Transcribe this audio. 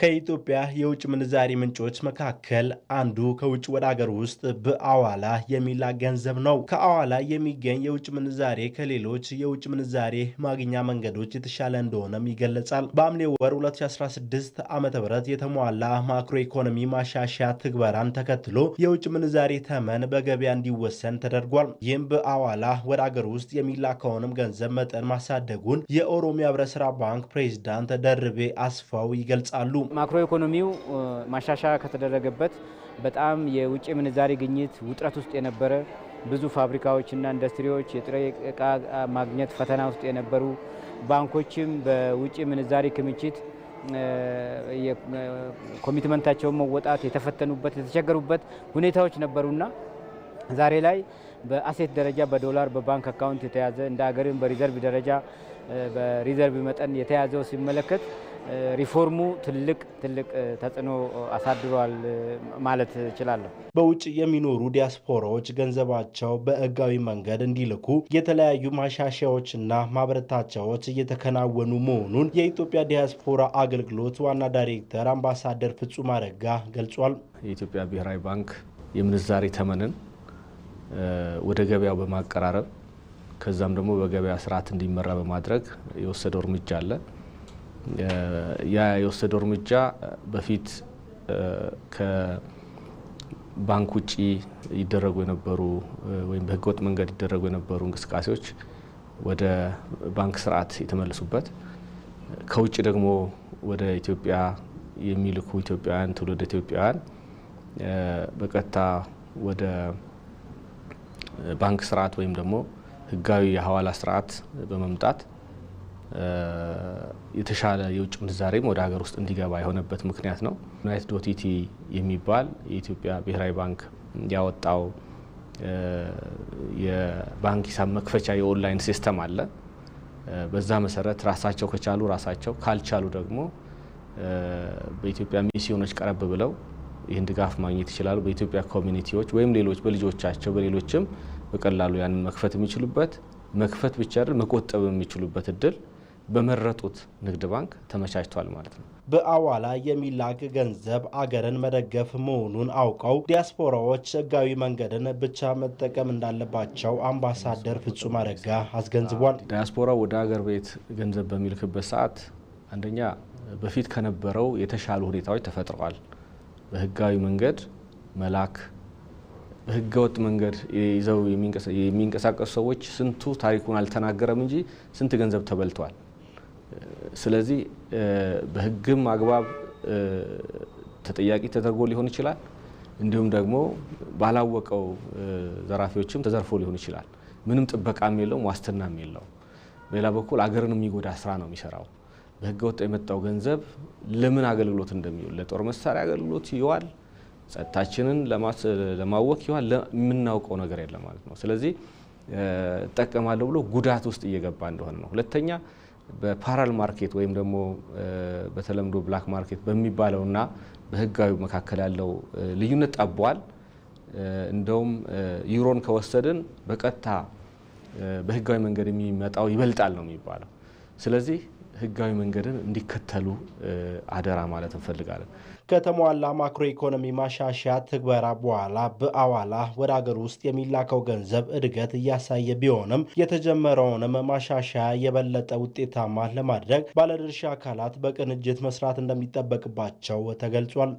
ከኢትዮጵያ የውጭ ምንዛሪ ምንጮች መካከል አንዱ ከውጭ ወደ አገር ውስጥ በአዋላ የሚላ ገንዘብ ነው። ከአዋላ የሚገኝ የውጭ ምንዛሬ ከሌሎች የውጭ ምንዛሬ ማግኛ መንገዶች የተሻለ እንደሆነም ይገለጻል። በአምሌ ወር 2016 ዓ.ም የተሟላ ማክሮ ኢኮኖሚ ማሻሻያ ትግበራን ተከትሎ የውጭ ምንዛሬ ተመን በገበያ እንዲወሰን ተደርጓል። ይህም በአዋላ ወደ አገር ውስጥ የሚላከውንም ገንዘብ መጠን ማሳደጉን የኦሮሚያ ህብረት ባንክ ፕሬዚዳንት ደርቤ አስፋው ይገልጻሉ። ማክሮ ኢኮኖሚው ማሻሻያ ከተደረገበት በጣም የውጭ ምንዛሪ ግኝት ውጥረት ውስጥ የነበረ ብዙ ፋብሪካዎችና ኢንዱስትሪዎች የጥሬ እቃ ማግኘት ፈተና ውስጥ የነበሩ ባንኮችም በውጭ ምንዛሪ ክምችት ኮሚትመንታቸውን መወጣት የተፈተኑበት የተቸገሩበት ሁኔታዎች ነበሩና ዛሬ ላይ በአሴት ደረጃ በዶላር በባንክ አካውንት የተያዘ እንደ ሀገርም በሪዘርቭ ደረጃ በሪዘርቭ መጠን የተያዘው ሲመለከት ሪፎርሙ ትልቅ ትልቅ ተጽዕኖ አሳድሯል ማለት እችላለሁ። በውጭ የሚኖሩ ዲያስፖራዎች ገንዘባቸው በህጋዊ መንገድ እንዲልኩ የተለያዩ ማሻሻያዎችና ማበረታቻዎች እየተከናወኑ መሆኑን የኢትዮጵያ ዲያስፖራ አገልግሎት ዋና ዳይሬክተር አምባሳደር ፍጹም አረጋ ገልጿል። የኢትዮጵያ ብሔራዊ ባንክ የምንዛሬ ተመንን ወደ ገበያው በማቀራረብ ከዛም ደግሞ በገበያ ስርዓት እንዲመራ በማድረግ የወሰደው እርምጃ አለ። ያ የወሰደው እርምጃ በፊት ከባንክ ውጭ ይደረጉ የነበሩ ወይም በህገወጥ መንገድ ይደረጉ የነበሩ እንቅስቃሴዎች ወደ ባንክ ስርዓት የተመለሱበት ከውጭ ደግሞ ወደ ኢትዮጵያ የሚልኩ ኢትዮጵያውያን ትውልድ ኢትዮጵያውያን በቀጥታ ወደ ባንክ ስርዓት ወይም ደግሞ ህጋዊ የሀዋላ ስርዓት በመምጣት የተሻለ የውጭ ምንዛሬም ወደ ሀገር ውስጥ እንዲገባ የሆነበት ምክንያት ነው። ዩናይትድ ኦቲቲ የሚባል የኢትዮጵያ ብሔራዊ ባንክ ያወጣው የባንክ ሂሳብ መክፈቻ የኦንላይን ሲስተም አለ። በዛ መሰረት ራሳቸው ከቻሉ ራሳቸው ካልቻሉ ደግሞ በኢትዮጵያ ሚስዮኖች ቀረብ ብለው ይህን ድጋፍ ማግኘት ይችላሉ። በኢትዮጵያ ኮሚኒቲዎች ወይም ሌሎች በልጆቻቸው በሌሎችም በቀላሉ ያንን መክፈት የሚችሉበት መክፈት ብቻ አይደል መቆጠብ የሚችሉበት እድል በመረጡት ንግድ ባንክ ተመቻችቷል ማለት ነው። በአዋላ የሚላክ ገንዘብ አገርን መደገፍ መሆኑን አውቀው ዲያስፖራዎች ህጋዊ መንገድን ብቻ መጠቀም እንዳለባቸው አምባሳደር ፍጹም አረጋ አስገንዝቧል። ዲያስፖራ ወደ አገር ቤት ገንዘብ በሚልክበት ሰዓት አንደኛ በፊት ከነበረው የተሻሉ ሁኔታዎች ተፈጥረዋል። በህጋዊ መንገድ መላክ በህገወጥ መንገድ ይዘው የሚንቀሳቀሱ ሰዎች ስንቱ ታሪኩን አልተናገረም እንጂ ስንት ገንዘብ ተበልተዋል። ስለዚህ በህግም አግባብ ተጠያቂ ተደርጎ ሊሆን ይችላል። እንዲሁም ደግሞ ባላወቀው ዘራፊዎችም ተዘርፎ ሊሆን ይችላል። ምንም ጥበቃም የለውም፣ ዋስትናም የለውም። በሌላ በኩል አገርን የሚጎዳ ስራ ነው የሚሰራው። በህገ ወጥ የመጣው ገንዘብ ለምን አገልግሎት እንደሚውል ለጦር መሳሪያ አገልግሎት ይዋል፣ ጸጥታችንን ለማወክ ይዋል፣ የምናውቀው ነገር የለም ማለት ነው። ስለዚህ እጠቀማለሁ ብሎ ጉዳት ውስጥ እየገባ እንደሆነ ነው። ሁለተኛ በፓራል ማርኬት ወይም ደግሞ በተለምዶ ብላክ ማርኬት በሚባለው እና በህጋዊ መካከል ያለው ልዩነት ጠቧል። እንደውም ዩሮን ከወሰድን በቀጥታ በህጋዊ መንገድ የሚመጣው ይበልጣል ነው የሚባለው። ስለዚህ ህጋዊ መንገድን እንዲከተሉ አደራ ማለት እንፈልጋለን። ከተሟላ ማክሮ ኢኮኖሚ ማሻሻያ ትግበራ በኋላ በአዋላ ወደ አገር ውስጥ የሚላከው ገንዘብ እድገት እያሳየ ቢሆንም የተጀመረውንም ማሻሻያ የበለጠ ውጤታማ ለማድረግ ባለድርሻ አካላት በቅንጅት መስራት እንደሚጠበቅባቸው ተገልጿል።